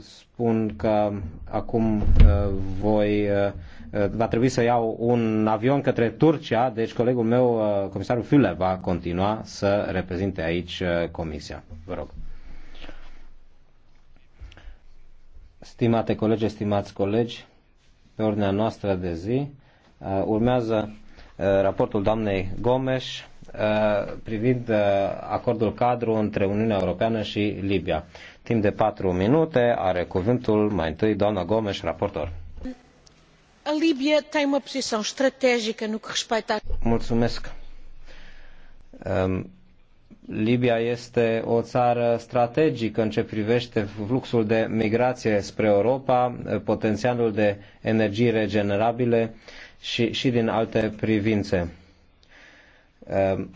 spun că acum uh, voi, uh, uh, va trebui să iau un avion către Turcia, deci colegul meu, comisarul Füle, va continua să reprezinte aici comisia. Vă rog. Stimate colegi, stimați colegi, pe ordinea noastră de zi urmează raportul doamnei Gomes privind acordul cadru între Uniunea Europeană și Libia. Timp de patru minute are cuvântul mai întâi doamna Gomes, raportor. A tem uma posição estratégica no que respeita a... Mulțumesc. Um, Libia este o țară strategică în ce privește fluxul de migrație spre Europa, potențialul de energii regenerabile și, și din alte privințe. Um,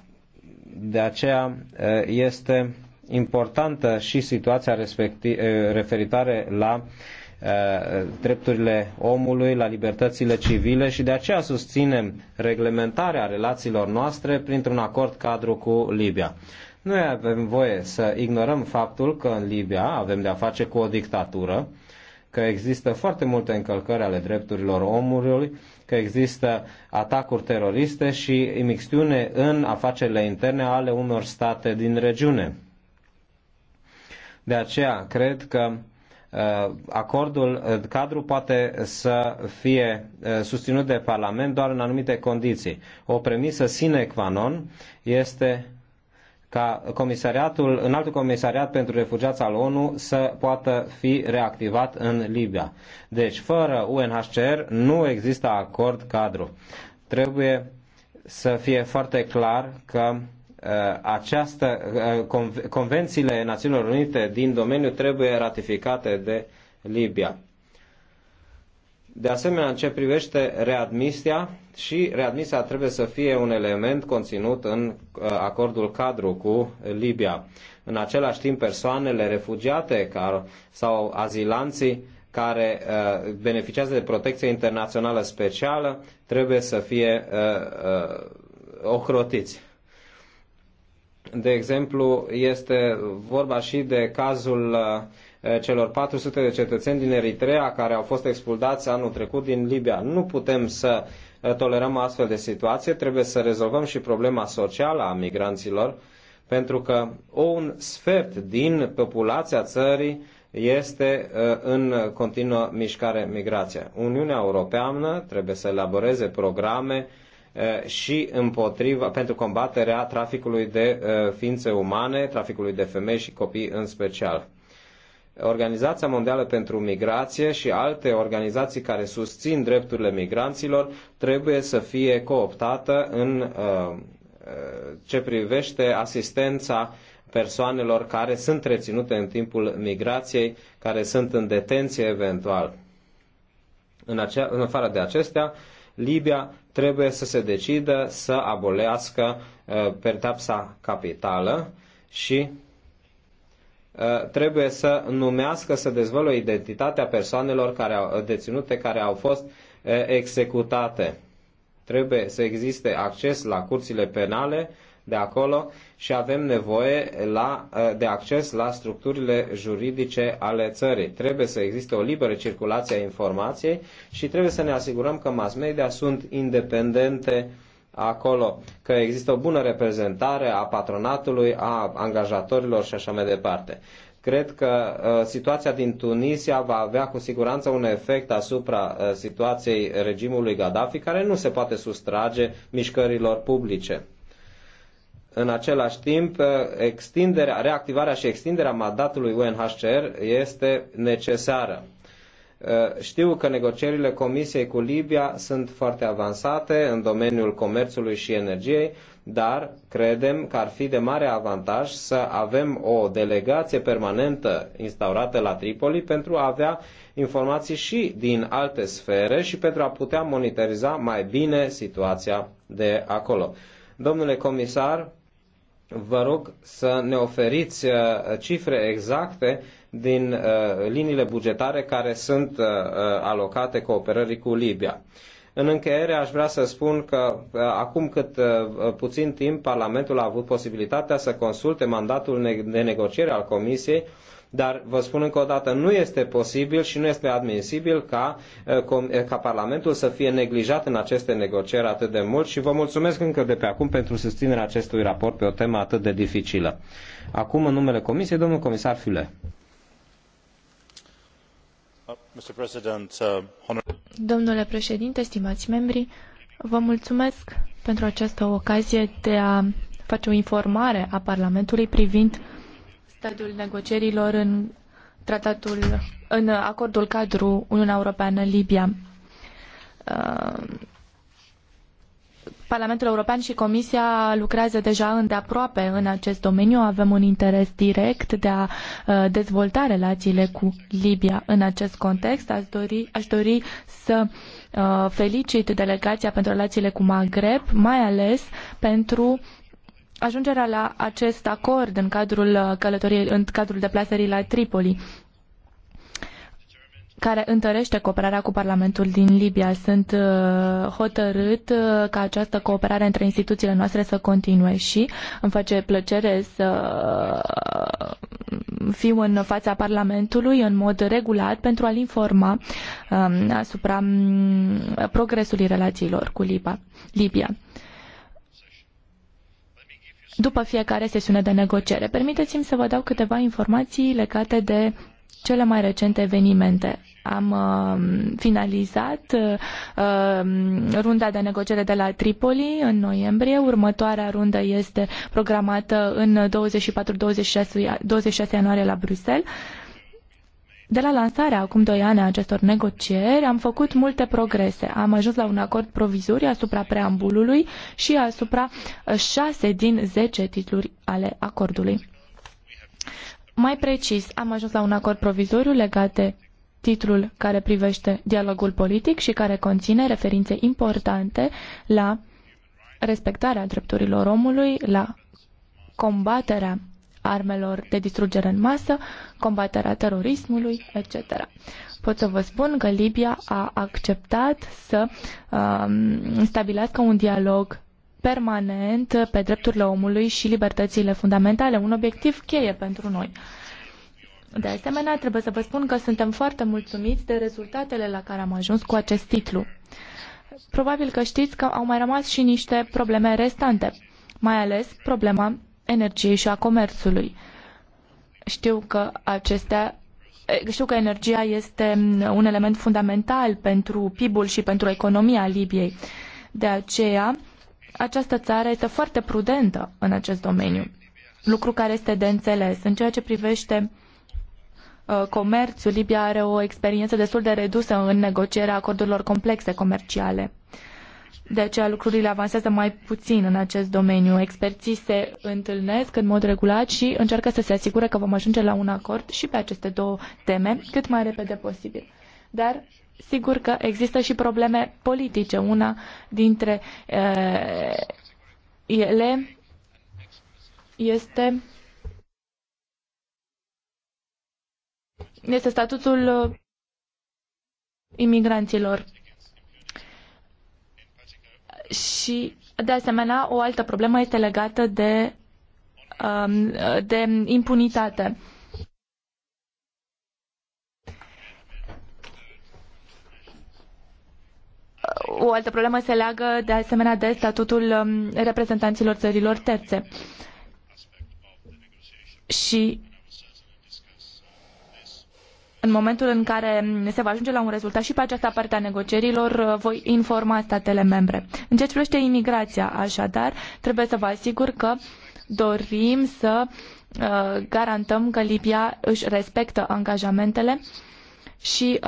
de aceea uh, este importantă și situația respecti, eh, referitoare la eh, drepturile omului, la libertățile civile și de aceea susținem reglementarea relațiilor noastre printr-un acord cadru cu Libia. Nu avem voie să ignorăm faptul că în Libia avem de-a face cu o dictatură, că există foarte multe încălcări ale drepturilor omului, că există atacuri teroriste și imixtiune în afacerile interne ale unor state din regiune. De aceea cred că uh, acordul uh, cadru poate să fie uh, susținut de Parlament doar în anumite condiții. O premisă sine qua non este ca comisariatul, în altul comisariat pentru refugiați al ONU să poată fi reactivat în Libia. Deci, fără UNHCR nu există acord cadru. Trebuie să fie foarte clar că uh, Uh, această, uh, convențiile Națiunilor Unite din domeniu trebuie ratificate de Libia. De asemenea, în ce privește readmisia, și readmisia trebuie să fie un element conținut în uh, acordul cadru cu Libia. În același timp, persoanele refugiate care, sau azilanții care beneficiază de protecție internațională specială trebuie să fie ocrotiți. De exemplu, este vorba și de cazul uh, celor 400 de cetățeni din Eritrea care au fost expuldați anul trecut din Libia. Nu putem să uh, tolerăm astfel de situație, trebuie să rezolvăm și problema socială a migranților, pentru că un sfert din populația țării este uh, în continuă mișcare migrație. Uniunea Europeană trebuie să elaboreze programe și împotriva, pentru combaterea traficului de ființe umane, traficului de femei și copii în special. Organizația Mondială pentru Migrație și alte organizații care susțin drepturile migranților trebuie să fie cooptată în ce privește asistența persoanelor care sunt reținute în timpul migrației, care sunt în detenție eventual. În, acea, în afară de acestea, uh, Libia trebuie să se decidă să abolească uh, pertapsa capitală și uh, trebuie să numească, să dezvăluie identitatea persoanelor care au, uh, deținute care au fost executate. Trebuie să existe acces la curțile penale de acolo și avem nevoie la, eh, de acces la structurile juridice ale țării. Trebuie să existe o liberă circulație a informației și trebuie să ne asigurăm că mass media sunt independente acolo, că există o bună reprezentare a patronatului, a angajatorilor și așa mai departe. Cred că uh, situația din Tunisia va avea cu siguranță un efect asupra uh, situației regimului Gaddafi, care nu se poate sustrage mișcărilor publice. În același timp, extinderea, reactivarea și extinderea mandatului UNHCR este necesară. Știu că negocierile Comisiei cu Libia sunt foarte avansate în domeniul comerțului și energiei, dar credem că ar fi de mare avantaj să avem o delegație permanentă instaurată la Tripoli pentru a avea informații și din alte sfere și pentru a putea monitoriza mai bine situația de acolo. Domnule comisar, vă rog să ne oferiți uh, cifre exacte din uh, liniile bugetare care sunt uh, alocate cooperării cu Libia. În încheiere aș vrea să spun că acum cât puțin timp Parlamentul a avut posibilitatea să consulte mandatul de negociere al Comisiei dar vă spun încă o dată, nu este posibil și nu este admisibil ca, eh, eh, ca Parlamentul să fie neglijat în aceste negocieri atât de mult și vă mulțumesc încă de pe acum pentru susținerea acestui raport pe o temă atât de dificilă. Acum, în numele Comisiei, domnul comisar Fule. Uh, uh, Domnule președinte, stimați membri, vă mulțumesc pentru această ocazie de a face o informare a Parlamentului privind stadiul negocierilor în tratatul, în acordul cadru Uniunea Europeană-Libia. Uh, Parlamentul European și Comisia lucrează deja îndeaproape în acest domeniu. Avem un interes direct de a uh, dezvolta relațiile cu Libia în acest context. Aș dori, aș dori să uh, felicit delegația pentru relațiile cu Maghreb, mai ales pentru ajungerea la acest acord în cadrul uh, călătoriei, în cadrul deplasării la Tripoli care întărește cooperarea cu Parlamentul din Libia. Sunt uh, hotărât uh, ca această cooperare între instituțiile noastre să continue și îmi face plăcere să fiu în fața Parlamentului în mod regulat pentru a-l informa um, asupra mm, progresului relațiilor cu Libia după fiecare sesiune de negociere. Permiteți-mi să vă dau câteva informații legate de cele mai recente evenimente. Am uh, finalizat uh, runda de negociere de la Tripoli în noiembrie. Următoarea rundă este programată în 24-26 ianuarie la Bruxelles. Uh, de la lansarea acum doi ani a acestor negocieri am făcut multe progrese. Am ajuns la un acord provizoriu asupra preambulului și asupra uh, șase din zece titluri ale acordului. Mai precis, am ajuns la un acord provizoriu legat de titlul care privește dialogul politic și care conține referințe importante la respectarea drepturilor omului, la combaterea armelor de distrugere în masă, combaterea terorismului, etc. Pot să vă spun că Libia a acceptat să um, stabilească un dialog permanent pe drepturile omului și libertățile fundamentale, un obiectiv cheie pentru noi. De asemenea, trebuie să vă spun că suntem foarte mulțumiți de rezultatele la care am ajuns cu acest titlu. Probabil că știți că au mai rămas și niște probleme restante, mai ales problema energiei și a comerțului. Știu că acestea știu că energia este un element fundamental pentru PIB-ul și pentru economia Libiei. De aceea, această țară este foarte prudentă în acest domeniu, lucru care este de înțeles. În ceea ce privește ă, comerțul, Libia are o experiență destul de redusă în negocierea acordurilor complexe comerciale de aceea lucrurile avansează mai puțin în acest domeniu. Experții se întâlnesc în mod regulat și încearcă să se asigure că vom ajunge la un acord și pe aceste două teme cât mai repede posibil. Dar sigur că există și probleme politice. Una dintre uh, ele este, este statutul eh, imigranților. Și, de asemenea, o altă problemă este legată de, um, de impunitate. O altă problemă se leagă, de asemenea, de statutul um, reprezentanților țărilor terțe. Și în momentul în care se va ajunge la un rezultat și pe această parte a negocierilor, uh, voi informa statele membre. În ceea ce privește imigrația, așadar, trebuie să vă asigur că dorim să uh, garantăm că Libia își respectă angajamentele și,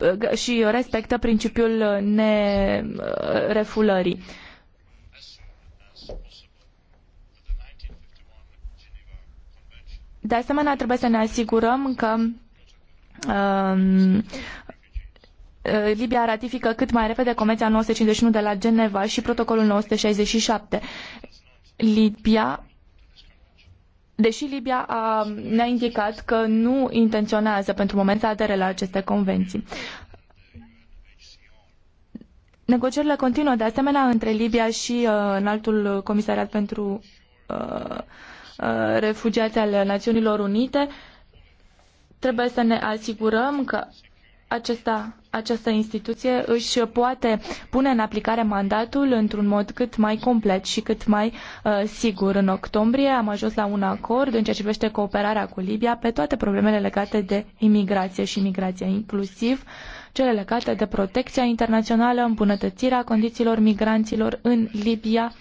uh, și respectă principiul nerefulării. De asemenea, trebuie să ne asigurăm că Um, uh, Libia ratifică cât mai repede Convenția 951 de la Geneva și protocolul 967. Libia Deși Libia a, ne-a indicat că nu intenționează pentru moment să adere la aceste convenții. Negocierile continuă de asemenea între Libia și uh, înaltul comisariat pentru uh, uh, refugiați al Națiunilor Unite uh, Trebuie să ne asigurăm că acesta, această instituție își poate pune în aplicare mandatul într-un mod cât mai complet și cât mai uh, sigur. În octombrie am ajuns la un acord în ceea ce privește cooperarea cu Libia pe toate problemele legate de imigrație și migrație, inclusiv cele legate de protecția internațională, îmbunătățirea condițiilor migranților în Libia,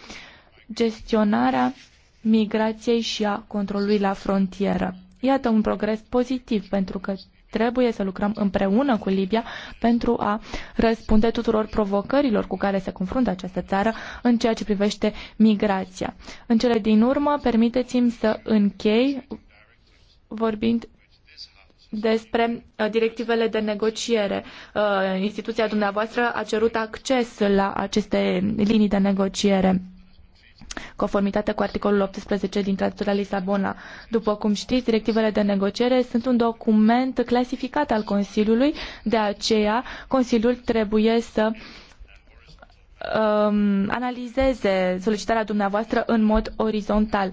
gestionarea migrației și a controlului la frontieră. Iată un progres pozitiv pentru că trebuie să lucrăm împreună cu Libia pentru a răspunde tuturor provocărilor cu care se confruntă această țară în ceea ce privește migrația. În cele din urmă, permiteți-mi să închei vorbind despre uh, directivele de negociere. Uh, instituția dumneavoastră a cerut acces la aceste linii de negociere conformitate cu articolul 18 din Tratatul Lisabona. După cum știți, directivele de negociere sunt un document clasificat al Consiliului, de aceea Consiliul trebuie să um, analizeze solicitarea dumneavoastră în mod orizontal.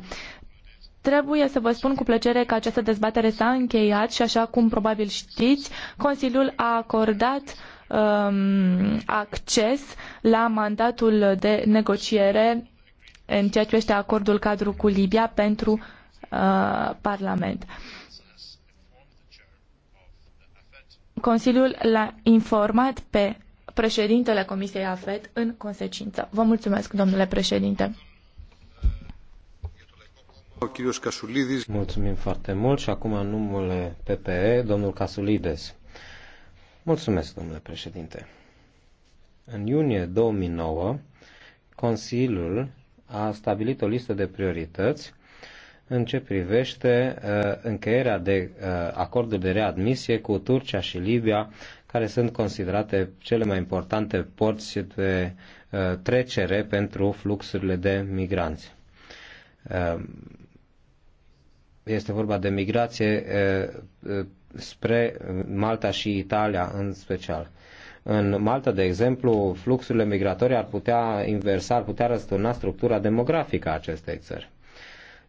Trebuie să vă spun cu plăcere că această dezbatere s-a încheiat și așa cum probabil știți, Consiliul a acordat um, acces la mandatul de negociere în ceea ce privește acordul cadru cu Libia pentru uh, Parlament. Consiliul l-a informat pe președintele Comisiei AFET în consecință. Vă mulțumesc, domnule președinte. Mulțumim foarte mult și acum în numele PPE, domnul Casulides. Mulțumesc, domnule președinte. În iunie 2009, Consiliul a stabilit o listă de priorități în ce privește uh, încheierea de uh, acorduri de readmisie cu Turcia și Libia, care sunt considerate cele mai importante porți de uh, trecere pentru fluxurile de migranți. Uh, este vorba de migrație uh, uh spre Malta și Italia în special. În Malta, de exemplu, fluxurile migratorii ar putea inversa, ar putea răsturna structura demografică a acestei țări.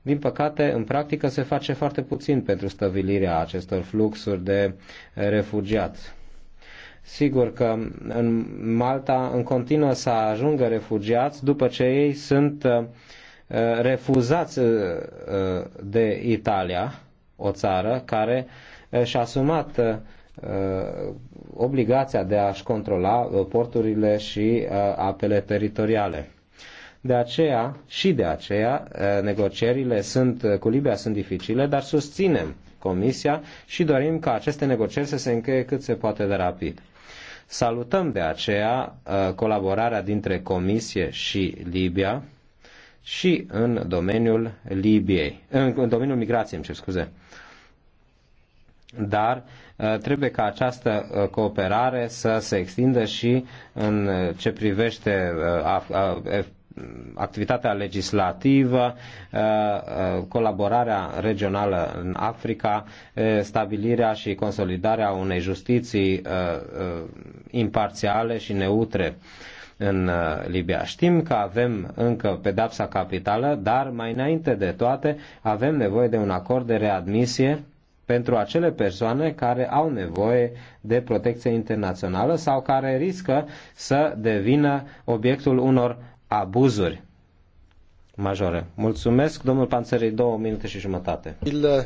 Din păcate, în practică se face foarte puțin pentru stabilirea acestor fluxuri de refugiați. Sigur că în Malta în continuă să ajungă refugiați după ce ei sunt uh, refuzați uh, de Italia, o țară care uh, și-a asumat obligația de a-și controla uh, porturile și uh, apele teritoriale. De aceea, și de aceea, uh, negocierile sunt, cu Libia sunt dificile, dar susținem Comisia și dorim ca aceste negocieri să se încheie cât se poate de rapid. Salutăm de aceea colaborarea dintre Comisie și Libia și în domeniul Libiei, în, domeniul migrației, îmi cer scuze. Dar uh, Uh, trebuie ca această uh, cooperare să se extindă și în uh, ce privește activitatea legislativă, colaborarea regională în Africa, stabilirea și consolidarea unei justiții imparțiale și neutre în Libia. Știm că avem încă pedapsa capitală, dar mai înainte de toate avem nevoie de un acord de readmisie pentru acele persoane care au nevoie de protecție internațională sau care riscă să devină obiectul unor abuzuri majore. Mulțumesc, domnul Panțării, două minute și jumătate. Il...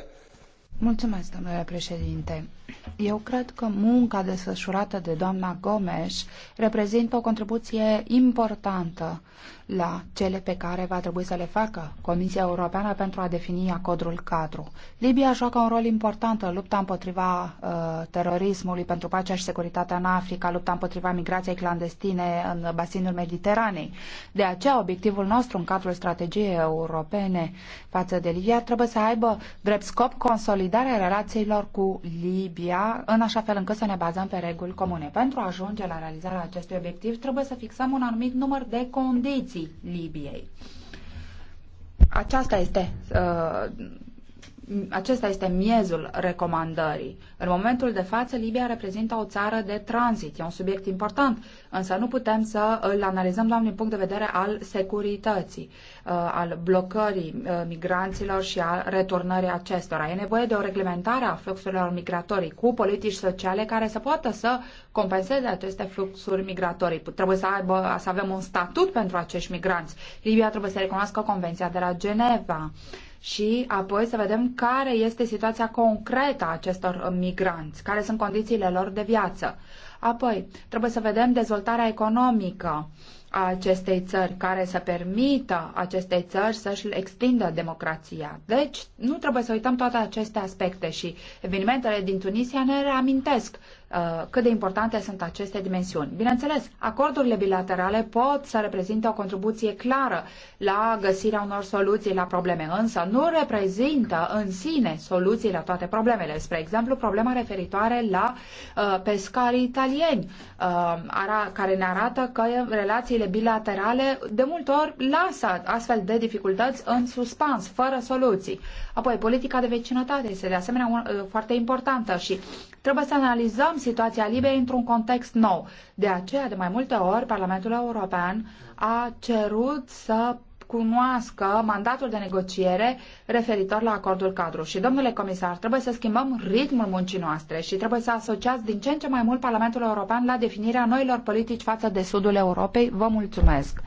Mulțumesc, domnule președinte. Eu cred că munca desfășurată de doamna Gomes reprezintă o contribuție importantă la cele pe care va trebui să le facă Comisia Europeană pentru a defini codul cadru. Libia joacă un rol important în lupta împotriva uh, terorismului pentru pacea și securitatea în Africa, lupta împotriva migrației clandestine în basinul Mediteranei. De aceea, obiectivul nostru în cadrul strategiei europene față de Libia trebuie să aibă drept scop consolidat consolidarea relațiilor cu Libia, în așa fel încât să ne bazăm pe reguli comune. Pentru a ajunge la realizarea acestui obiectiv, trebuie să fixăm un anumit număr de condiții Libiei. Aceasta este uh, acesta este miezul recomandării. În momentul de față, Libia reprezintă o țară de tranzit, e un subiect important, însă nu putem să îl analizăm doar din punct de vedere al securității, uh, al blocării uh, migranților și al returnării acestora. E nevoie de o reglementare a fluxurilor migratorii cu politici sociale care să poată să compenseze aceste fluxuri migratorii. Trebuie să, aibă, să avem un statut pentru acești migranți. Libia trebuie să recunoască Convenția de la Geneva și apoi să vedem care este situația concretă a acestor migranți, care sunt condițiile lor de viață. Apoi, trebuie să vedem dezvoltarea economică a acestei țări, care să permită acestei țări să-și extindă democrația. Deci, nu trebuie să uităm toate aceste aspecte și evenimentele din Tunisia ne reamintesc Uh, cât de importante sunt aceste dimensiuni. Bineînțeles, acordurile bilaterale pot să reprezinte o contribuție clară la găsirea unor soluții la probleme, însă nu reprezintă în sine soluții la toate problemele. Spre exemplu, problema referitoare la uh, pescarii italieni, uh, care ne arată că relațiile bilaterale de multe ori lasă astfel de dificultăți în suspans, fără soluții. Apoi, politica de vecinătate este de asemenea un, uh, foarte importantă și trebuie să analizăm situația Libiei într-un context nou. De aceea, de mai multe ori, Parlamentul European a cerut să cunoască mandatul de negociere referitor la acordul cadru. Și, domnule comisar, trebuie să schimbăm ritmul muncii noastre și trebuie să asociați din ce în ce mai mult Parlamentul European la definirea noilor politici față de sudul Europei. Vă mulțumesc!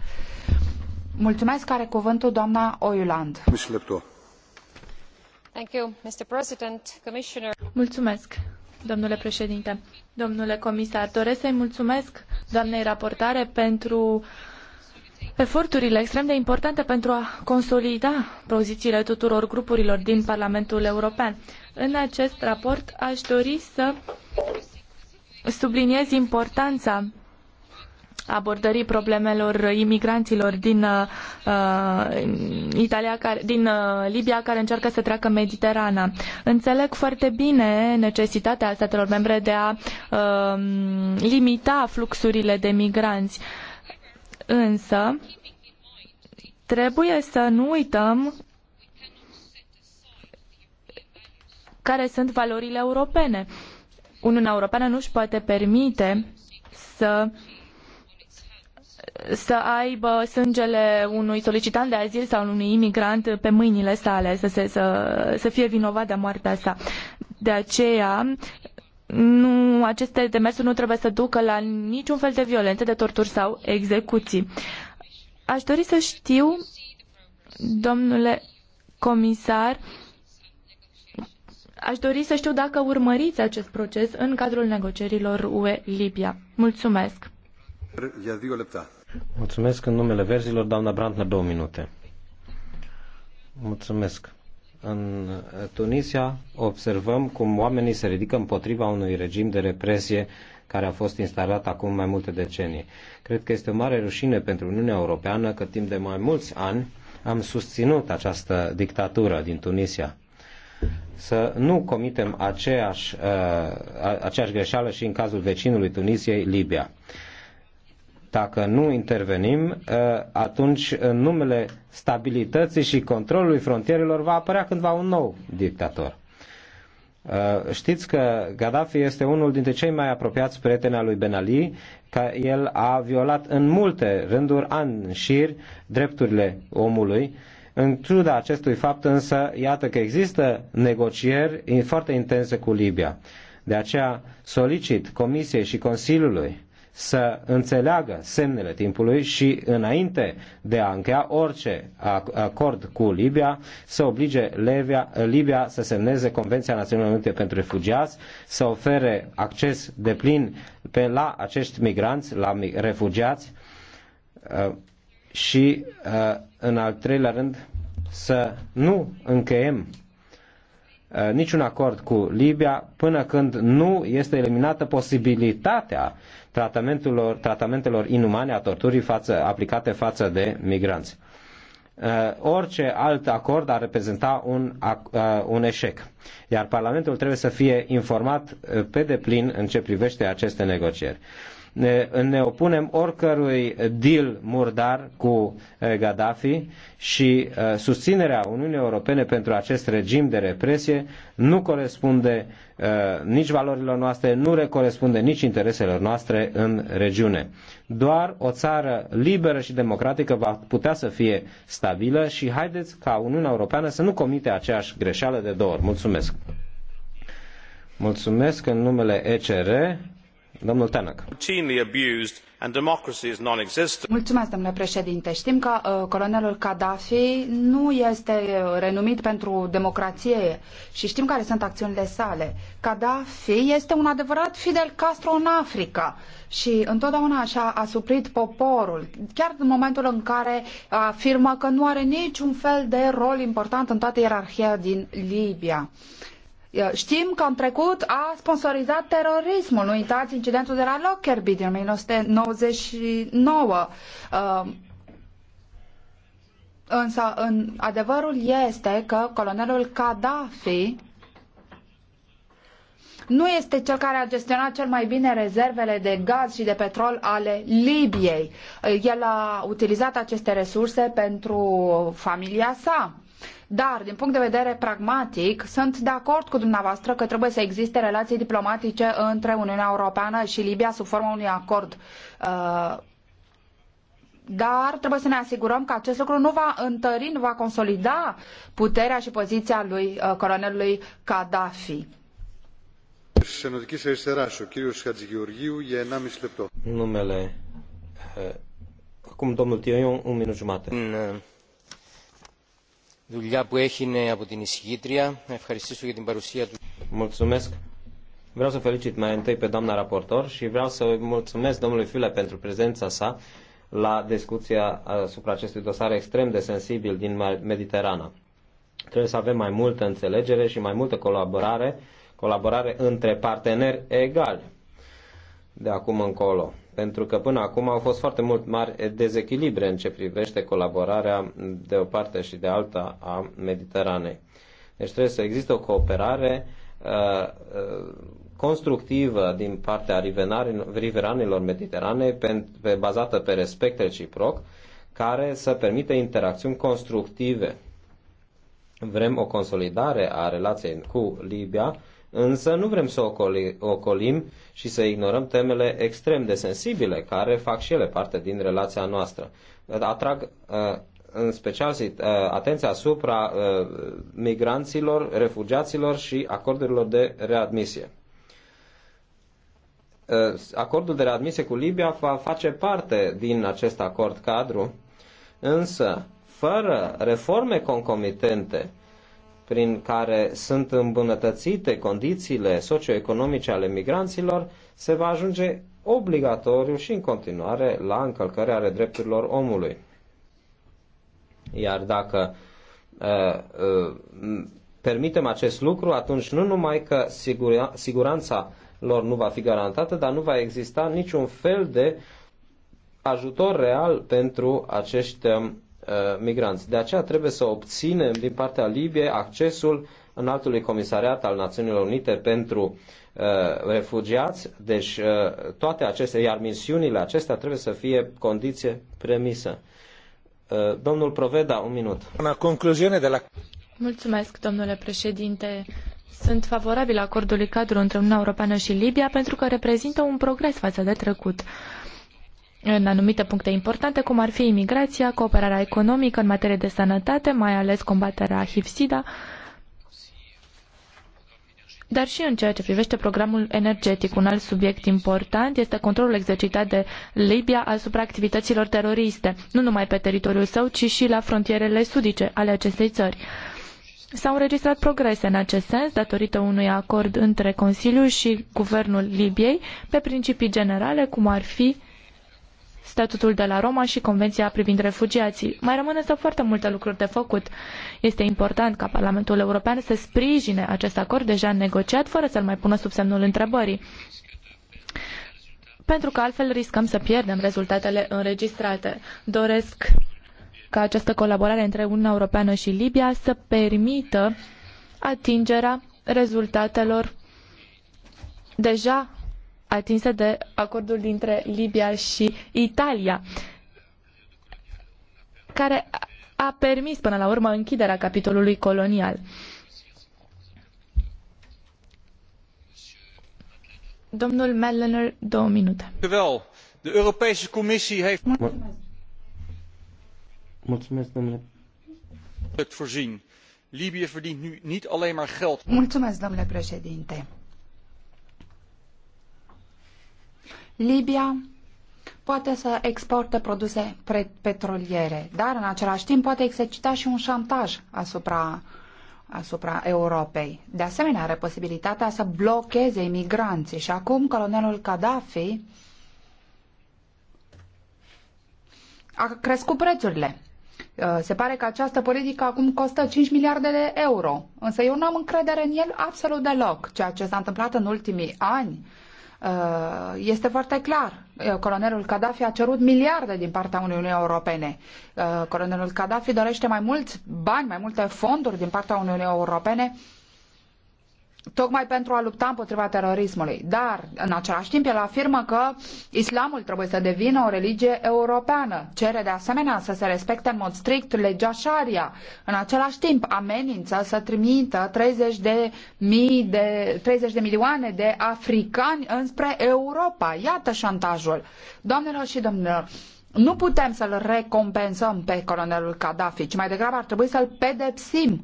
Mulțumesc, care cuvântul doamna Oiuland. Mulțumesc, domnule președinte. Domnule comisar, doresc să-i mulțumesc doamnei raportare pentru eforturile extrem de importante pentru a consolida pozițiile tuturor grupurilor din Parlamentul European. În acest raport aș dori să subliniez importanța abordării problemelor imigranților din uh, uh, Italia, care, din uh, Libia, care încearcă să treacă Mediterana. Înțeleg foarte bine necesitatea statelor membre de a uh, limita fluxurile de migranți, însă trebuie să nu uităm care sunt valorile europene. Uniunea Europeană nu își poate permite să uh, să aibă sângele unui solicitant de azil sau unui imigrant pe mâinile sale, să, se, să, să fie vinovat de moartea sa. De aceea, nu, aceste demersuri nu trebuie să ducă la niciun fel de violențe, de torturi sau execuții. Aș dori să știu, domnule comisar, aș dori să știu dacă urmăriți acest proces în cadrul negocierilor UE-Libia. Mulțumesc! Mulțumesc în numele verzilor, doamna Brandner, două minute. Mulțumesc. În Tunisia observăm cum oamenii se ridică împotriva unui regim de represie care a fost instalat acum mai multe decenii. Cred că este o mare rușine pentru Uniunea Europeană că timp de mai mulți ani am susținut această dictatură din Tunisia. Să nu comitem aceeași, uh, aceeași greșeală și în cazul vecinului Tunisiei, Libia. Dacă nu intervenim, ă, atunci în numele stabilității și controlului frontierelor va apărea cândva un nou dictator. Ă, știți că Gaddafi este unul dintre cei mai apropiați prieteni al lui Ben Ali, că el a violat în multe rânduri, ani în șir, drepturile omului. În ciuda acestui fapt însă, iată că există negocieri foarte intense cu Libia. De aceea solicit Comisiei și Consiliului să înțeleagă semnele timpului și înainte de a încheia orice acord cu Libia, să oblige Libia, Libia să semneze Convenția națională Unite pentru Refugiați, să ofere acces de plin pe la acești migranți, la refugiați uh, și, uh, în al treilea rând, să nu încheiem uh, niciun acord cu Libia până când nu este eliminată posibilitatea tratamentelor, tratamentelor inumane a torturii față, aplicate față de migranți. Uh, orice alt acord ar reprezenta un, uh, un eșec, iar Parlamentul trebuie să fie informat uh, pe deplin în ce privește aceste negocieri ne, opunem oricărui deal murdar cu eh, Gaddafi și eh, susținerea Uniunii Europene pentru acest regim de represie nu corespunde eh, nici valorilor noastre, nu corespunde nici intereselor noastre în regiune. Doar o țară liberă și democratică va putea să fie stabilă și haideți ca Uniunea Europeană să nu comite aceeași greșeală de două ori. Mulțumesc! Mulțumesc în numele ECR. Domnul Mulțumesc, domnule președinte. Știm că uh, colonelul Gaddafi nu este uh, renumit pentru democrație și știm care sunt acțiunile sale. Gaddafi este un adevărat Fidel Castro în Africa și întotdeauna așa a suprit poporul, chiar în momentul în care afirmă că nu are niciun fel de rol important în toată ierarhia din Libia. Uh, Știm că în trecut a sponsorizat terorismul. Nu uitați incidentul de la Lockerbie din 1999. Um, însă în adevărul este că colonelul Gaddafi nu este cel care a gestionat cel mai bine rezervele de gaz și de petrol ale Libiei. El a utilizat aceste resurse pentru familia sa dar, din punct de vedere pragmatic, sunt de acord cu dumneavoastră că trebuie să existe relații diplomatice între Uniunea Europeană și Libia sub forma unui acord. Uh, dar trebuie să ne asigurăm că acest lucru nu va întări, nu va consolida puterea și poziția lui uh, colonelului Gaddafi. Numele. Uh, acum domnul Tion, un minut jumate δουλειά που έγινε από την εισηγήτρια. Να ευχαριστήσω για την παρουσία του. Mulțumesc. Vreau să felicit mai întâi pe doamna raportor și vreau să mulțumesc domnului fiule pentru prezența sa la discuția asupra acestui dosar extrem de sensibil din Mediterana. Trebuie să avem mai multă înțelegere și mai multă colaborare, colaborare între parteneri egali de acum încolo pentru că până acum au fost foarte mult mari dezechilibre în ce privește colaborarea de o parte și de alta a Mediteranei. Deci trebuie să existe o cooperare uh, uh, constructivă din partea riveranilor mediterane pe, pe, bazată pe respect reciproc, care să permită interacțiuni constructive. Vrem o consolidare a relației cu Libia, Însă nu vrem să ocoli, ocolim și să ignorăm temele extrem de sensibile, care fac și ele parte din relația noastră. Atrag uh, în special uh, atenția asupra uh, migranților, refugiaților și acordurilor de readmisie. Acordul de readmisie cu Libia va face parte din acest acord cadru, însă fără reforme concomitente prin care sunt îmbunătățite condițiile socioeconomice ale migranților, se va ajunge obligatoriu și în continuare la încălcarea drepturilor omului. Iar dacă uh, uh, permitem acest lucru, atunci nu numai că sigura, siguranța lor nu va fi garantată, dar nu va exista niciun fel de ajutor real pentru acești um, Uh, migranți. De aceea trebuie să obținem din partea Libiei accesul înaltului comisariat al Națiunilor Unite pentru uh, refugiați, deci uh, toate aceste, iar misiunile acestea trebuie să fie condiție premisă. Uh, domnul Proveda, un minut. Una concluziune de la... Mulțumesc, domnule președinte. Sunt favorabil acordului cadru între Uniunea Europeană și Libia pentru că reprezintă un progres față de trecut. Uh, în anumite puncte importante, cum ar fi imigrația, cooperarea economică în materie de sănătate, mai ales combaterea HIV-SIDA, dar și în ceea ce privește programul energetic. Un alt subiect important este controlul exercitat de Libia asupra activităților teroriste, nu numai pe teritoriul său, ci și la frontierele sudice ale acestei țări. S-au înregistrat progrese în acest sens datorită unui acord între Consiliu și Guvernul Libiei pe principii generale, cum ar fi statutul de la Roma și Convenția privind refugiații. Mai rămân însă foarte multe lucruri de făcut. Este important ca Parlamentul European să sprijine acest acord deja negociat fără să-l mai pună sub semnul întrebării. Pentru că altfel riscăm să pierdem rezultatele înregistrate. Doresc ca această colaborare între Uniunea Europeană și Libia să permită atingerea rezultatelor deja atinse de acordul dintre Libia și Italia, care a permis până la urmă închiderea capitolului colonial. Domnul Madlener, două minute. Mulțumesc. Mulțumesc, domnule. Het voorzien. Libië verdient nu niet alleen maar geld. Mulțumesc, domnule președinte. Libia poate să exporte produse petroliere, dar în același timp poate exercita și un șantaj asupra, asupra Europei. De asemenea, are posibilitatea să blocheze imigranții și acum colonelul Gaddafi a crescut prețurile. Uh, se pare că această politică acum costă 5 miliarde de euro, însă eu nu am încredere în el absolut deloc. Ceea ce s-a întâmplat în ultimii ani Uh, este foarte clar. Uh, colonelul Gaddafi a cerut miliarde din partea Uniunii Europene. Uh, colonelul Gaddafi dorește mai mulți bani, mai multe fonduri din partea Uniunii Europene tocmai pentru a lupta împotriva terorismului. Dar, în același timp, el afirmă că islamul trebuie să devină o religie europeană. Cere de asemenea să se respecte în mod strict legea Sharia. În același timp, amenință să trimită 30 de, mii de, 30 de milioane de africani înspre Europa. Iată șantajul. Doamnelor și domnilor, nu putem să-l recompensăm pe colonelul Gaddafi, ci mai degrabă ar trebui să-l pedepsim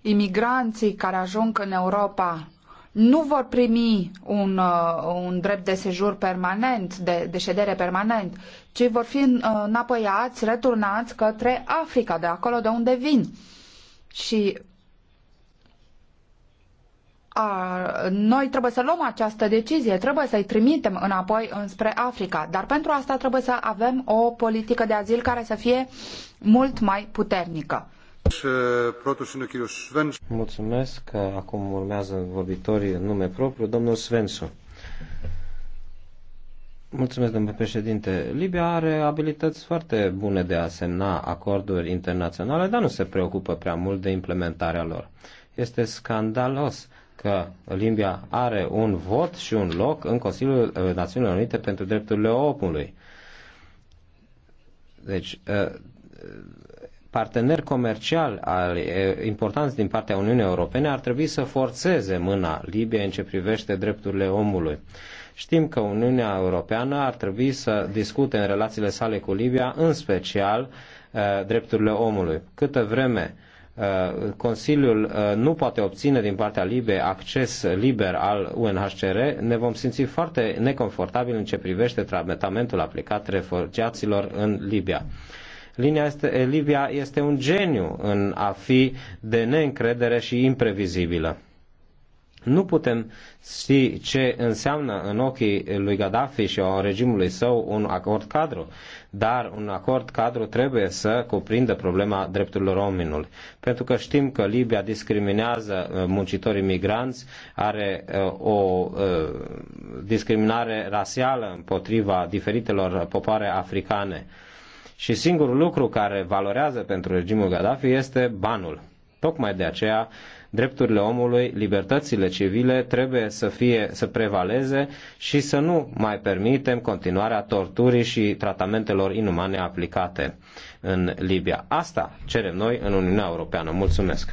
imigranții care ajung în Europa nu vor primi un, uh, un drept de sejur permanent, de, de ședere permanent, ci vor fi uh, înapoiați, returnați către Africa, de acolo de unde vin. Și a, noi trebuie să luăm această decizie, trebuie să-i trimitem înapoi înspre Africa. Dar pentru asta trebuie să avem o politică de azil care să fie mult mai puternică. Uh, Mulțumesc. Acum urmează vorbitorii în nume propriu. Domnul Svensson. Mulțumesc, domnule președinte. Libia are abilități foarte bune de a semna acorduri internaționale, dar nu se preocupă prea mult de implementarea lor. Este scandalos că Libia are un vot și un loc în Consiliul uh, Națiunilor Unite pentru Drepturile Omului. Deci, uh, parteneri comerciali importanți din partea Uniunii Europene ar trebui să forțeze mâna Libiei în ce privește drepturile omului. Știm că Uniunea Europeană ar trebui să discute în relațiile sale cu Libia, în special drepturile omului. Câtă vreme Consiliul nu poate obține din partea Libiei acces liber al UNHCR, ne vom simți foarte neconfortabil în ce privește tratamentul aplicat refugiaților în Libia. Linia este, Libia este un geniu în a fi de neîncredere și imprevizibilă. Nu putem ști ce înseamnă în ochii lui Gaddafi și a regimului său un acord cadru, dar un acord cadru trebuie să cuprindă problema drepturilor omului. Pentru că știm că Libia discriminează muncitorii migranți, are o discriminare rasială împotriva diferitelor popoare africane și singurul lucru care valorează pentru regimul Gaddafi este banul. Tocmai de aceea, drepturile omului, libertățile civile trebuie să, fie, să prevaleze și să nu mai permitem continuarea torturii și tratamentelor inumane aplicate în Libia. Asta cerem noi în Uniunea Europeană. Mulțumesc!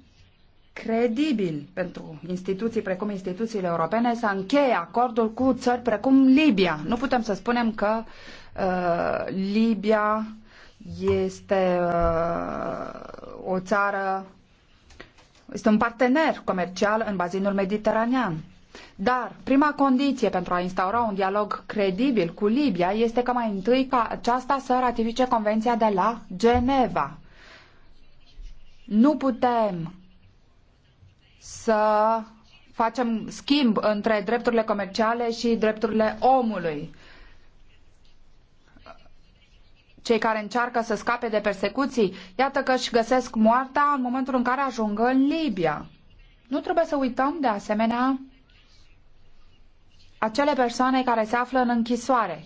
credibil pentru instituții precum instituțiile europene să încheie acordul cu țări precum Libia. Nu putem să spunem că uh, Libia este uh, o țară, este un partener comercial în bazinul mediteranean. Dar prima condiție pentru a instaura un dialog credibil cu Libia este că mai întâi ca aceasta să ratifice Convenția de la Geneva. Nu putem să facem schimb între drepturile comerciale și drepturile omului. Cei care încearcă să scape de persecuții, iată că își găsesc moartea în momentul în care ajung în Libia. Nu trebuie să uităm, de asemenea, acele persoane care se află în închisoare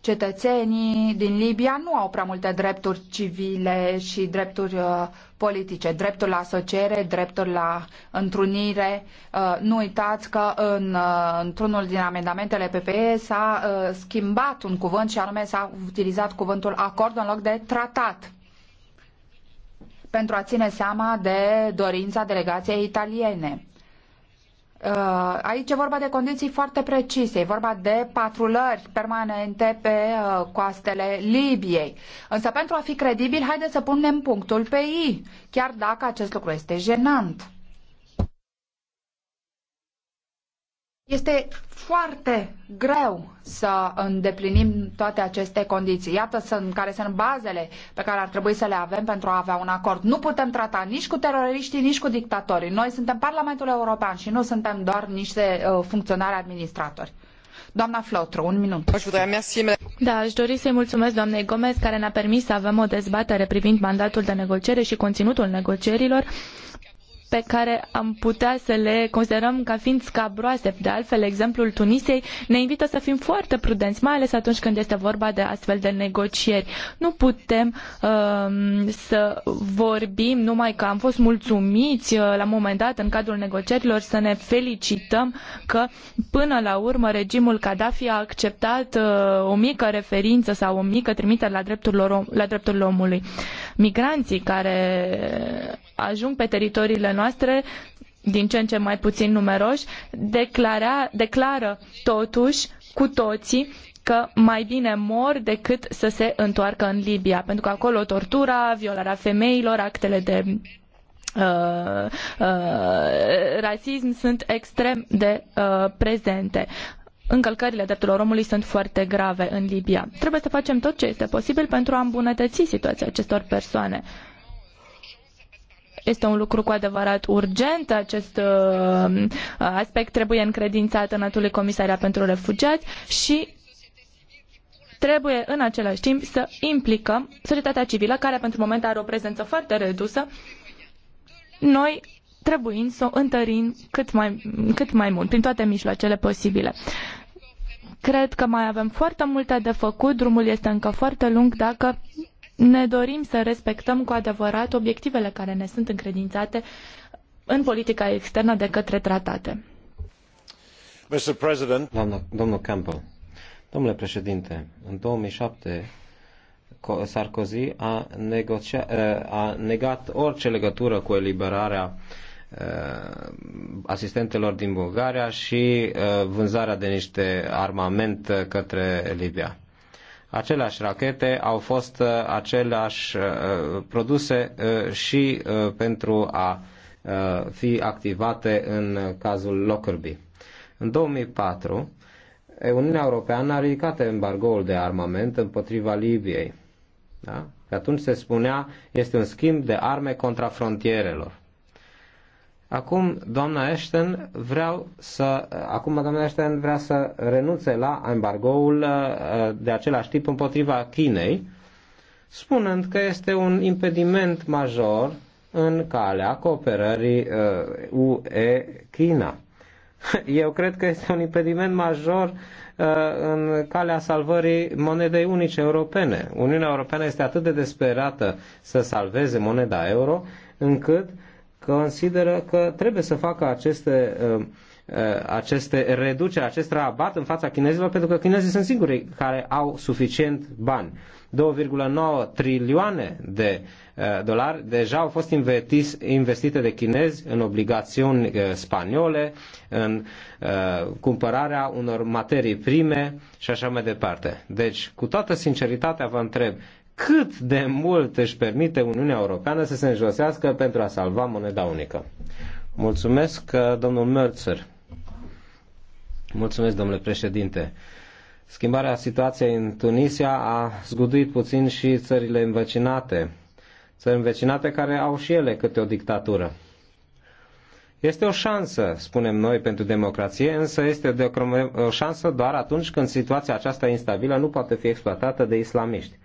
cetățenii din Libia nu au prea multe drepturi civile și drepturi uh, politice, dreptul la asociere, dreptul la întrunire. Uh, nu uitați că în, uh, într-unul din amendamentele PPE s-a schimbat un cuvânt și anume s-a utilizat cuvântul acord în loc de tratat pentru a ține seama de dorința delegației italiene. Uh, aici e vorba de condiții foarte precise, e vorba de patrulări permanente pe uh, coastele Libiei. Însă pentru a fi credibil, haideți să punem punctul pe I, chiar dacă acest lucru este jenant. Este foarte greu să îndeplinim toate aceste condiții. Iată sunt, care sunt bazele pe care ar trebui să le avem pentru a avea un acord. Nu putem trata nici cu teroriștii, nici cu dictatorii. Noi suntem Parlamentul European și nu suntem doar niște uh, funcționari administratori. Doamna Flotru, un minut. Da, aș dori să-i mulțumesc doamnei Gomez care ne-a permis să avem o dezbatere privind mandatul de negociere și conținutul negocierilor pe care am putea să le considerăm ca fiind scabroase. De altfel, exemplul Tunisiei ne invită să fim foarte prudenți, mai ales atunci când este vorba de astfel de negocieri. Nu putem uh, să vorbim numai că am fost mulțumiți uh, la un moment dat în cadrul negocierilor, să ne felicităm că până la urmă regimul Gaddafi a acceptat uh, o mică referință sau o mică trimitere la drepturile, om- la drepturile omului. Migranții care ajung pe teritoriile noastre, din ce în ce mai puțin numeroși, declara, declară totuși cu toții că mai bine mor decât să se întoarcă în Libia, pentru că acolo tortura, violarea femeilor, actele de uh, uh, rasism sunt extrem de uh, prezente. Încălcările drepturilor omului sunt foarte grave în Libia. Trebuie să facem tot ce este posibil pentru a îmbunătăți situația acestor persoane. Este un lucru cu adevărat urgent. Acest uh, aspect trebuie încredințat înaltului comisaria pentru refugiați și trebuie în același timp să implicăm societatea civilă, care pentru moment are o prezență foarte redusă, noi trebuind să o întărim cât mai, cât mai mult, prin toate mijloacele posibile. Cred că mai avem foarte multe de făcut, drumul este încă foarte lung dacă ne dorim să respectăm cu adevărat obiectivele care ne sunt încredințate în politica externă de către tratate. Mr. President. Doamna, domnul Campbell, domnule președinte, în 2007 Sarkozy a, negocia, eh, a negat orice legătură cu eliberarea eh, asistentelor din Bulgaria și eh, vânzarea de niște armament către Libia aceleași rachete, au fost uh, aceleași uh, produse uh, și pentru a fi activate în cazul Lockerbie. În 2004, Uniunea Europeană a ridicat embargoul de armament împotriva Libiei. Da? atunci se spunea este un schimb de arme contra frontierelor. Acum, doamna Ashton, vreau să, acum, doamna Ashton vrea să renunțe la embargoul uh, de același tip împotriva Chinei, spunând că este un impediment major în calea cooperării UE-China. Uh, Eu cred că este un impediment major uh, în calea salvării monedei unice europene. Uniunea Europeană este atât de desperată să salveze moneda euro, încât uh, consideră că trebuie să facă aceste, um, uh, aceste reduceri, acest rabat în fața chinezilor, pentru că chinezii sunt singurii care au suficient bani. 2,9 trilioane de uh, dolari deja au fost investis, investite de chinezi în obligațiuni uh, spaniole, în cumpărarea unor materii prime și așa mai departe. Deci, cu toată sinceritatea vă întreb, cât de mult își permite Uniunea Europeană să se înjosească pentru a salva moneda unică. Mulțumesc, uh, domnul Mölzer. Mulțumesc, domnule președinte. Schimbarea situației în Tunisia a zguduit puțin și țările învecinate, țări învecinate care au și ele câte o dictatură. Este o șansă, spunem noi, pentru democrație, însă este o șansă doar atunci când situația aceasta instabilă nu poate fi exploatată de islamiști.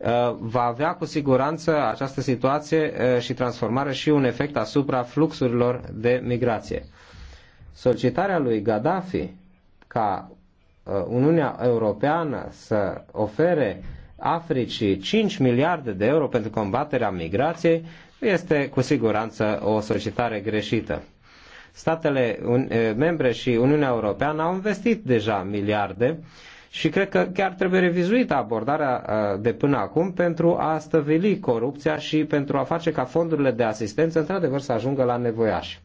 Uh, va avea cu siguranță această situație uh, și transformare și un efect asupra fluxurilor de migrație. Solicitarea lui Gaddafi ca uh, Uniunea Europeană să ofere Africii 5 miliarde de euro pentru combaterea migrației este cu siguranță o solicitare greșită. Statele membre și Uniunea Europeană au investit deja miliarde și cred că chiar trebuie revizuită abordarea uh, de până acum pentru a stăvili corupția și pentru a face ca fondurile de asistență într-adevăr să ajungă la nevoiași.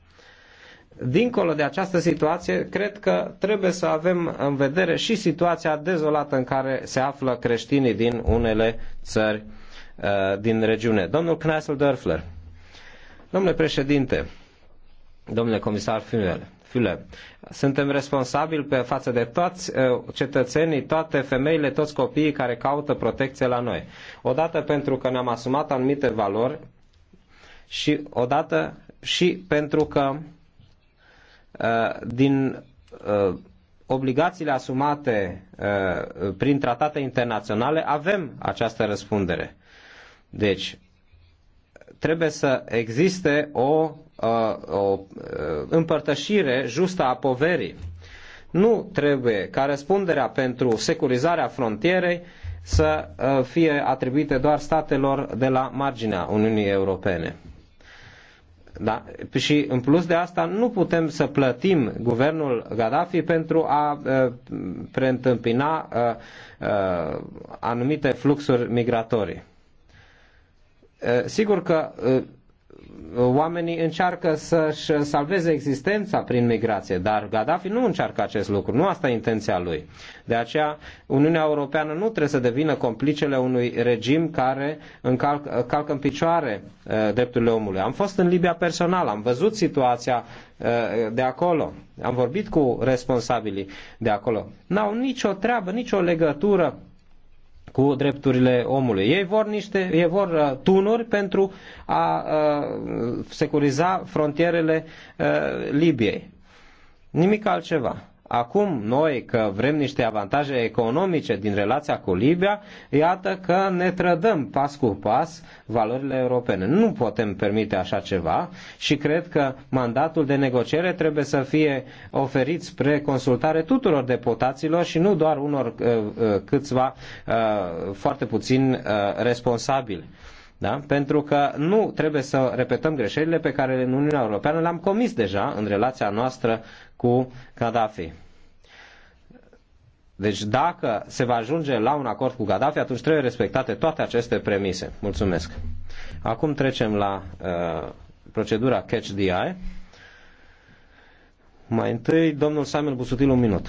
Dincolo de această situație, cred că trebuie să avem în vedere și situația dezolată în care se află creștinii din unele țări uh, din regiune. Domnul Kneisel Dörfler. Domnule președinte, domnule comisar Fimele, Füle. Suntem responsabili pe față de toți uh, cetățenii, toate femeile, toți copiii care caută protecție la noi. Odată pentru că ne-am asumat anumite valori și odată și pentru că uh, din uh, obligațiile asumate prin tratate internaționale avem această răspundere. Deci, trebuie să existe o o împărtășire justă a poverii. Nu trebuie ca răspunderea pentru securizarea frontierei să fie atribuite doar statelor de la marginea Uniunii Europene. Da? Și în plus de asta nu putem să plătim guvernul Gaddafi pentru a preîntâmpina anumite fluxuri migratorii. Sigur că oamenii încearcă să-și salveze existența prin migrație, dar Gaddafi nu încearcă acest lucru, nu asta e intenția lui. De aceea, Uniunea Europeană nu trebuie să devină complicele unui regim care încalcă, calcă în picioare uh, drepturile omului. Am fost în Libia personal, am văzut situația uh, de acolo, am vorbit cu responsabilii de acolo. N-au nicio treabă, nicio legătură cu drepturile omului. Ei vor, niște, ei vor uh, tunuri pentru a uh, securiza frontierele uh, Libiei. Nimic altceva. Acum noi că vrem niște avantaje economice din relația cu Libia, iată că ne trădăm pas cu pas valorile europene. Nu putem permite așa ceva și cred că mandatul de negociere trebuie să fie oferit spre consultare tuturor deputaților și nu doar unor uh, uh, câțiva uh, foarte puțin responsabili. Da? Pentru că nu trebuie să repetăm greșelile pe care în Uniunea Europeană le-am comis deja în relația noastră cu Gaddafi. Deci dacă se va ajunge la un acord cu Gaddafi, atunci trebuie respectate toate aceste premise. Mulțumesc. Acum trecem la uh, procedura Catch the Eye. Mai întâi, domnul Samuel Busutil, un minut.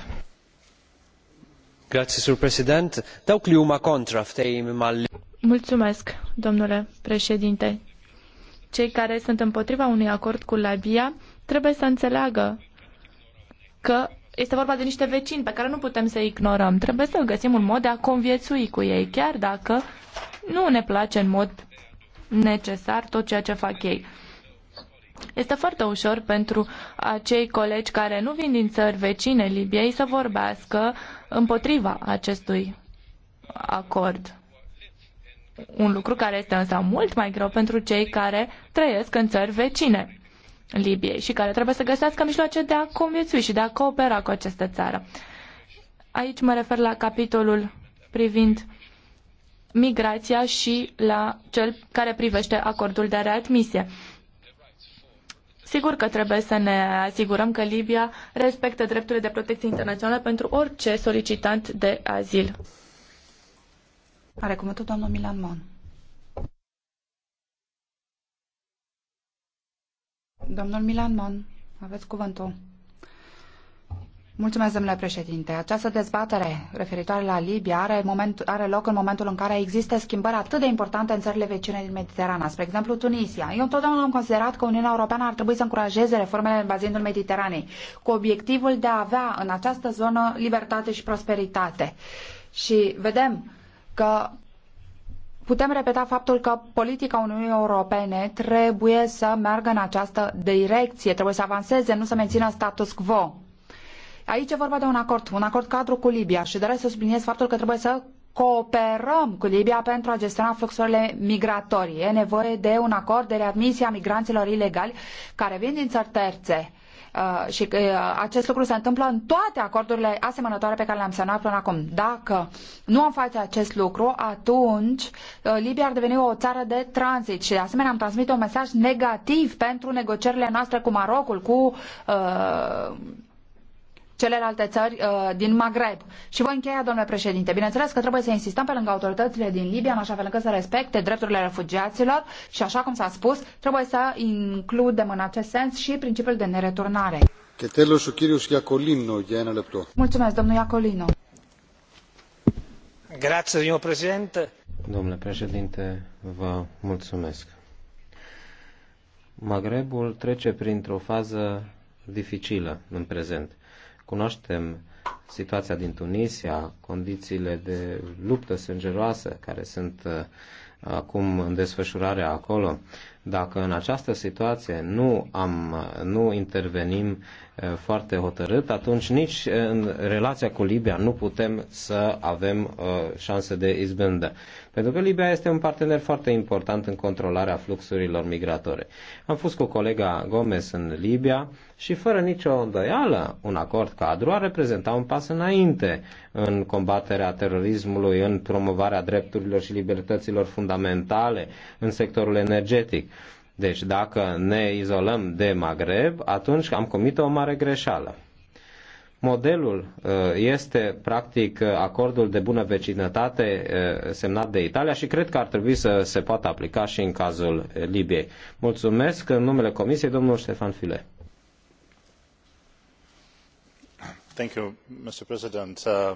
Grazie, sur president. Dau cliuma contra Mulțumesc, domnule președinte. Cei care sunt împotriva unui acord cu Libia trebuie să înțeleagă că este vorba de niște vecini pe care nu putem să ignorăm. Trebuie să găsim un mod de a conviețui cu ei, chiar dacă nu ne place în mod necesar tot ceea ce fac ei. Este foarte ușor pentru acei colegi care nu vin din țări vecine Libiei să vorbească împotriva acestui acord. Un lucru care este însă mult mai greu pentru cei care trăiesc în țări vecine. Libiei și care trebuie să găsească mijloace de a conviețui și de a coopera cu această țară. Aici mă refer la capitolul privind migrația și la cel care privește acordul de readmisie. Sigur că trebuie să ne asigurăm că Libia respectă drepturile de protecție internațională pentru orice solicitant de azil. Are cuvântul doamna Milan Mon. Domnul Milan Mon, aveți cuvântul. Mulțumesc, domnule președinte. Această dezbatere referitoare la Libia are, moment, are loc în momentul în care există schimbări atât de importante în țările vecine din Mediterana, spre exemplu Tunisia. Eu întotdeauna am considerat că Uniunea Europeană ar trebui să încurajeze reformele în bazinul Mediteranei, cu obiectivul de a avea în această zonă libertate și prosperitate. Și vedem că putem repeta faptul că politica Uniunii Europene trebuie să meargă în această direcție, trebuie să avanseze, nu să mențină status quo. Aici e vorba de un acord, un acord cadru cu Libia și doresc să subliniez faptul că trebuie să cooperăm cu Libia pentru a gestiona fluxurile migratorii. E nevoie de un acord de readmisie a migranților ilegali care vin din țări terțe Uh, și că uh, acest lucru se întâmplă în toate acordurile asemănătoare pe care le-am semnat până acum. Dacă nu am face acest lucru, atunci uh, Libia ar deveni o țară de tranzit și de asemenea am transmit un mesaj negativ pentru negocierile noastre cu Marocul, cu uh, celelalte țări uh, din Maghreb. Și voi încheia, domnule președinte. Bineînțeles că trebuie să insistăm pe lângă autoritățile din Libia, în așa fel încât să respecte drepturile refugiaților și, așa cum s-a spus, trebuie să includem în acest sens și principiul de nereturnare. Και τέλος ο κύριος Γιακολίνο για ένα λεπτό. Mulțumesc, domnul Iacolino. Grazie, domnule președinte. Domnule președinte, vă mulțumesc. Magrebul trece printr-o fază dificilă în prezent. Cunoaștem situația din Tunisia, condițiile de luptă sângeroasă care sunt uh, acum în desfășurare acolo. Dacă în această situație nu, am, nu intervenim foarte hotărât, atunci nici în relația cu Libia nu putem să avem șanse de izbândă. Pentru că Libia este un partener foarte important în controlarea fluxurilor migratore. Am fost cu colega Gomez în Libia și fără nicio îndoială un acord cadru a reprezenta un pas înainte în combaterea terorismului, în promovarea drepturilor și libertăților fundamentale în sectorul energetic. Deci dacă ne izolăm de Maghreb, atunci am comit o mare greșeală. Modelul uh, este practic uh, acordul de bună vecinătate uh, semnat de Italia și cred că ar trebui să se poată aplica și în cazul Libiei. Mulțumesc în numele Comisiei domnul Ștefan File. Thank you, Mr. President. Uh,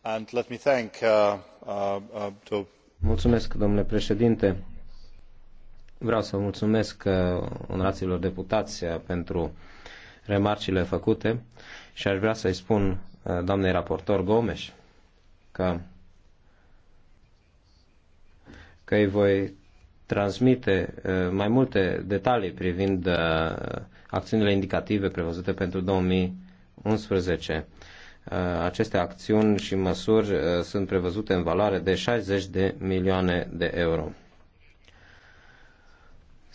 and let me thank uh, uh, to... Mulțumesc, domnule președinte Vreau să mulțumesc uh, onoraților deputați uh, pentru remarcile făcute și aș vrea să-i spun uh, doamnei raportor Gomes că, că îi voi transmite mai multe detalii privind acțiunile indicative prevăzute pentru 2011. Aceste acțiuni și măsuri sunt prevăzute în valoare de 60 de milioane de euro.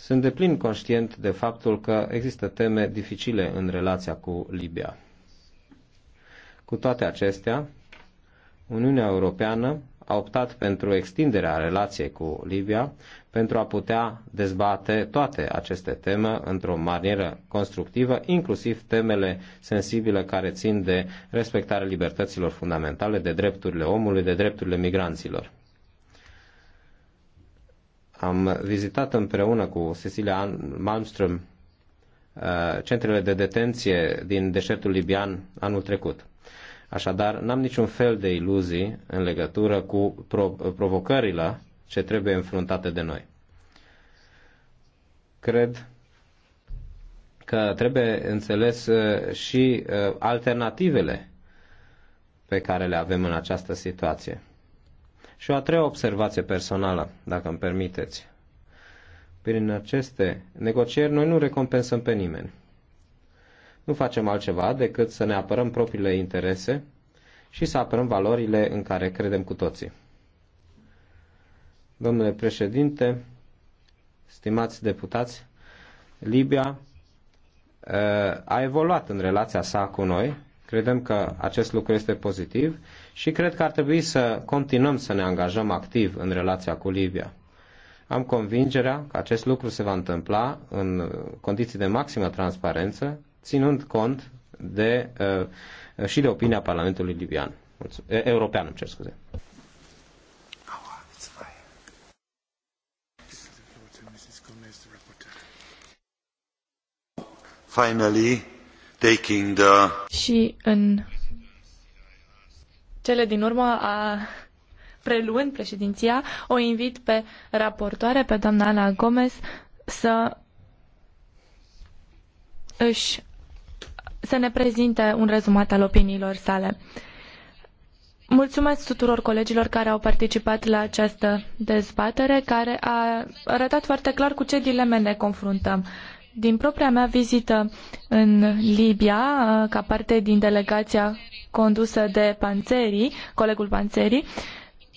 Sunt deplin conștient de faptul că există teme dificile în relația cu Libia. Cu toate acestea, Uniunea Europeană a optat pentru extinderea relației cu Libia pentru a putea dezbate toate aceste teme într-o manieră constructivă, inclusiv temele sensibile care țin de respectarea libertăților fundamentale, de drepturile omului, de drepturile migranților. Am vizitat împreună cu Cecilia Malmström uh, centrele de detenție din deșertul libian anul trecut. Așadar, n-am niciun fel de iluzii în legătură cu provocările ce trebuie înfruntate de noi. Cred că trebuie înțeles uh, și uh, alternativele pe care le avem în această situație. Și o a treia observație personală, dacă îmi permiteți. Prin aceste negocieri noi nu recompensăm pe nimeni. Nu facem altceva decât să ne apărăm propriile interese și să apărăm valorile în care credem cu toții. Domnule președinte, stimați deputați, Libia eh, a evoluat în relația sa cu noi. Credem că acest lucru este pozitiv și cred că ar trebui să continuăm să ne angajăm activ în relația cu Libia. Am convingerea că acest lucru se va întâmpla în condiții de maximă transparență, ținând cont de, uh, și de opinia Parlamentului Libian, european, îmi cer scuze. Finally, taking the... Și în cele din urmă a preluând președinția, o invit pe raportoare, pe doamna Ana Gomez, să își să ne prezinte un rezumat al opiniilor sale. Mulțumesc tuturor colegilor care au participat la această dezbatere, care a arătat foarte clar cu ce dileme ne confruntăm. Din propria mea vizită în Libia, ca parte din delegația condusă de Panțerii, colegul Panțerii,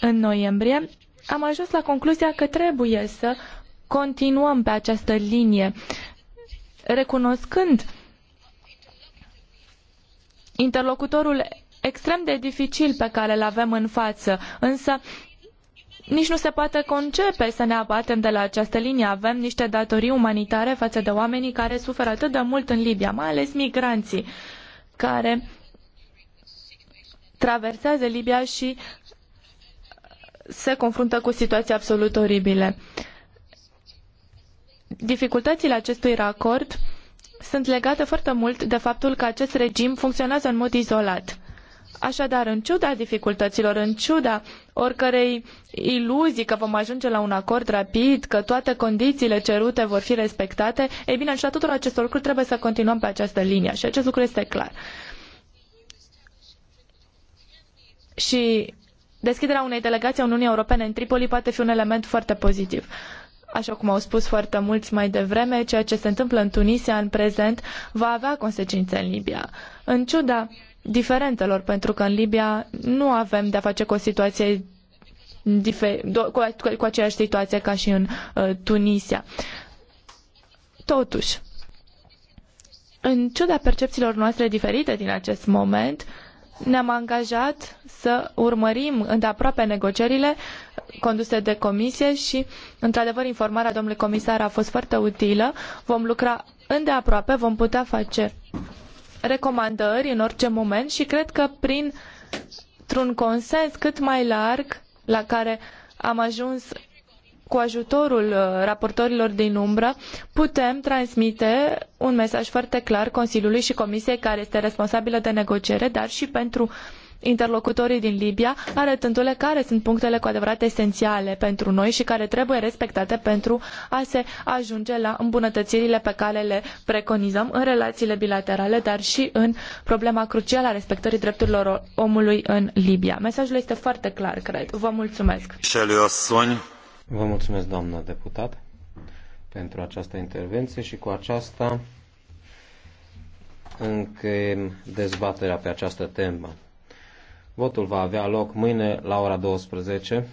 în noiembrie, am ajuns la concluzia că trebuie să continuăm pe această linie, recunoscând interlocutorul extrem de dificil pe care îl avem în față, însă nici nu se poate concepe să ne abatem de la această linie. Avem niște datorii umanitare față de oamenii care suferă atât de mult în Libia, mai ales migranții, care traversează Libia și se confruntă cu situații absolut oribile. Dificultățile acestui racord sunt legate foarte mult de faptul că acest regim funcționează în mod izolat. Așadar, în ciuda dificultăților, în ciuda oricărei iluzii că vom ajunge la un acord rapid, că toate condițiile cerute vor fi respectate, ei bine, în ciuda tuturor acestor lucruri trebuie să continuăm pe această linie și acest lucru este clar. și deschiderea unei delegații a Uniunii Europene în Tripoli poate fi un element foarte pozitiv. Așa cum au spus foarte mulți mai devreme, ceea ce se întâmplă în Tunisia în prezent va avea consecințe în Libia. În ciuda diferențelor, pentru că în Libia nu avem de-a face cu o situație cu, cu aceeași situație ca și în uh, Tunisia. Totuși, în ciuda percepțiilor noastre diferite din acest moment, uh, ne-am angajat să urmărim îndeaproape negocierile conduse de comisie și, într-adevăr, informarea domnului comisar a fost foarte utilă. Vom lucra îndeaproape, vom putea face recomandări în orice moment și cred că prin un consens cât mai larg la care am ajuns cu ajutorul uh, raportorilor din umbră, putem transmite un mesaj foarte clar Consiliului și Comisiei care este responsabilă de negociere, dar și pentru interlocutorii din Libia, arătându-le care sunt punctele cu adevărat esențiale pentru noi și care trebuie respectate pentru a se ajunge la îmbunătățirile pe care le preconizăm în relațiile bilaterale, dar și în problema crucială a respectării drepturilor omului în Libia. Mesajul este foarte clar, cred. Vă mulțumesc! Vă mulțumesc, doamnă deputat, pentru această intervenție și cu aceasta încheiem dezbaterea pe această temă. Votul va avea loc mâine la ora 12.